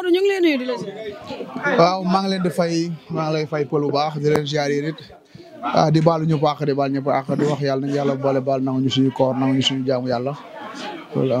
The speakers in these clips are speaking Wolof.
waaw maa ngi leen di fay maa ngi lay fay pël baax di leen ziar yéen it ah, di baalu ñu baax di baal ñu baax di wax yàlla nañu yàlla boole baal nangu ñu suñu koor nangu ñu suñu jaamu yàlla. voilà.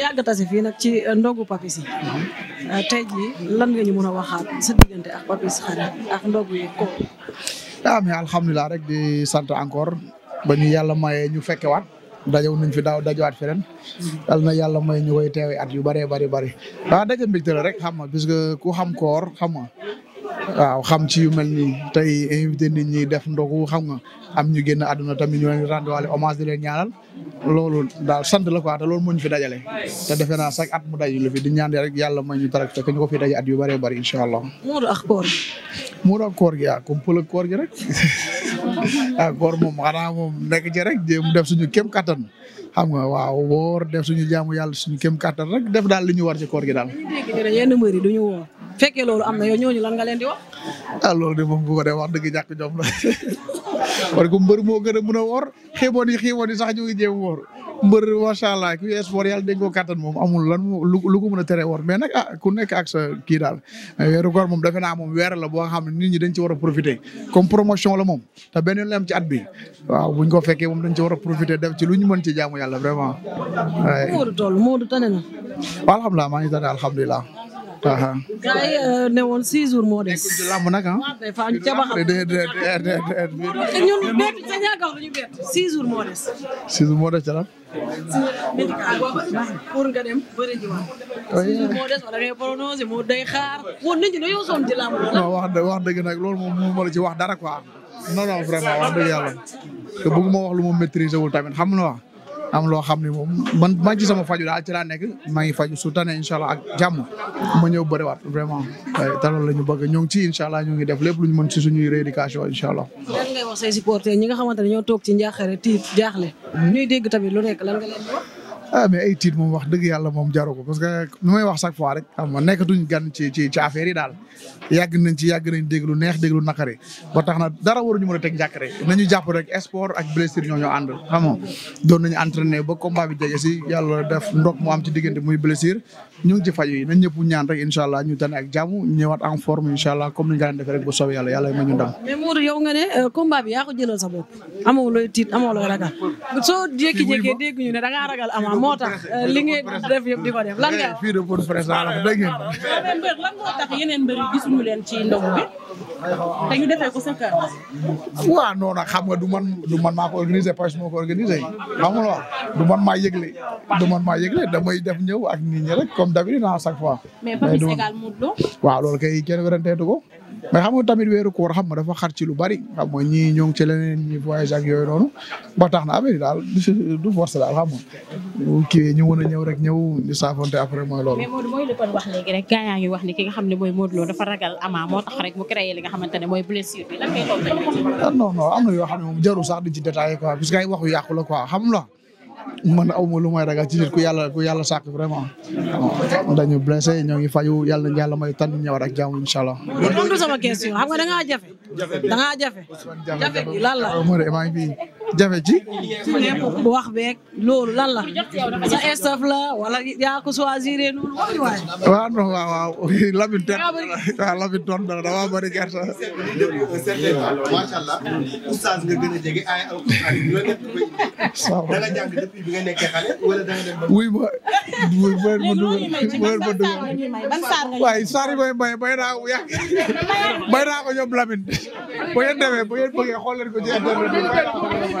yàgg tase fii nag ci euh, ndogu papis yi. Mhm. Ah, tey jii lan nga ñu mën a waxaat sa diggante ak papis xarit ak ndogu yi ko. ah mais alhamdulilah rek di sant encore ba ñu yàlla maye ñu fekke waat dajaw nañ fi daaw dajawaat fi ren yal na yàlla may ñu koy teewe at yu bëree bëri bari waaw ah, daja mbégte la rek xam nga puisque ku xam koor xam nga waaw xam ci yu mel ni te invité nit ñi def ndoku xam nga am ñu génn àdduna tamit ñu leen rend waale hommage di leen ñaanal loolu daal sant la quoi lool loolu moo ñu fi dajale te defe naa chaque at mu daj la fi di ñaan rek yàlla may ñu tarak fekk ñu ko at yu bëree bëri incha allah. a ah, koor moom xanaa moom nekk ci rek jéem def suñu kéem kattan xam nga waaw woor def suñu jaamu yàlla suñu kéem kattan rek def daal li ñu war ci koor gi daal. yenn mbër yi duñu woor fekkee loolu am na yow ñooñu lan nga leen di wax. ah loolu de moom bu ko dee wax dëgg ñàkk jom la parce que mbër moo gën a a woor xéeboon yi xéeboon yi sax ñu ngi woor mbër macha allah ku sport yàlla déggoo kàttan moom amul lan lu ko mën a tere woor mais nag ah ku nekk ak sa kii daal eh, weeru koor moom defe naa moom weer boo xam ne nit ñi dañ ci war a profiter comme promotion la moom te benn la am ci at bi waaw buñ ko fekkee moom dañ ci war a profiter def ci lu ñu mën ci jaamu yàlla vraiment. Modou toll Modou tane na. alhamdulilah maa ngi tane alhamdulilah. gars yi euh, ne woon six jours moo des. lamb nag ah. dafa am ca ba xam. ñun bépp sa ñàkk wax ñu bett six jours moo des. six jours moo des ca la. moo des moo day wax dëgg wax dëgg nag loolu moom ci wax dara quoi. non wax dëgg yàlla. te wax lu ma maîtriser wul tamit xam no wax. am loo xam ne moom man man ci sama faju daal ci laa nekk maa ngi faju su tane incha allah ak jàmm ma ñëw bëriwaat vraiment te loolu la ñu bëgg ñoo ngi ci incha allah ñu ngi def lépp lu ñu mën si suñuy rééducation incha allah. lan ngay wax ñi nga xamante ne ñoo toog ci njaaxare tiit jaaxle. ñuy dégg tamit lu nekk lan nga leen ah mais ay tiit moom wax dëgg yàlla moom jaru parce que nu wax chaque fois rek xam nga nekkatuñ gan ci ci daal yàgg nañ ci yàgg nañ déglu neex déglu naqari ba tax dara waruñu mën a teg njàkk nañu jàpp rek sport ak blessure ñoo ñoo ànd xam nga doon ba combat bi jege si yàlla def ndok mu am ci diggante muy blessure ñu ci faju yi ñëpp ñaan rek incha allah ñu tane ak jàmm ñëwaat en forme comme ni ñu defee rek bu soobee yàlla yàlla moo tax euh, li ngeen lan eh, de pour président la dégg ngeen. mais mbër lan moo tax yeneen mbër yi leen ci ndogu bi te ñu defee ko sa kër. waaw non xam nga du man du man maa ko organisé parce que moo ko organisé xam du man maa yëgle du man damay def ñëw ak nit ñi rek comme d'habitude à ah, chaque fois. mais Papis égal Modou Lo. waaw loolu kay kenn weranteetu ko. mais xam nga tamit weeru koor xam nga dafa xar ci lu bari xam nga ñii ñoo ngi ci leneen ñi voyage ak yooyu noonu ba tax na affaire daal du force daal xam nga kii ñu ñëw rek ñëw ñu saafonte après mooy loolu. mais ngi wax ni ki nga xam ne mooy Modou dafa ragal Ama moo tax rek mu créé li nga xamante ne mooy blessure bi lan ah am na yoo xam ne moom jaru sax di ci détaillé quoi parce que ay wax yu yàqu quoi xam nga man aw ma lu ma ragal ci nit ku yàlla ku yàlla sàkk vraiment. dañu blessé ñoo ngi fayu yàlla nañu yàlla may tànn ñëwaat ak jàmm incha allah. loolu sama question xam nga da ngaa jafe. jafe da ngaa jafe. jafe lan la maa jafe ji. wax beeg loolu lan la sa staff la wala yaa ko choisir noonu wax waay. waaw non waaw waaw Lamine tontu waaw Lamine tontu dara damaa bëri gerte. macha allah oustaz nga gën a jege ay alxuraan ñu la nekk koy da nga jàng depuis bi nga nekkee xale wala da nga dem. wuy ma wuy ma ma dugal ma dugal waaye saar yi may may may naa ko yàq may naa ko ñoom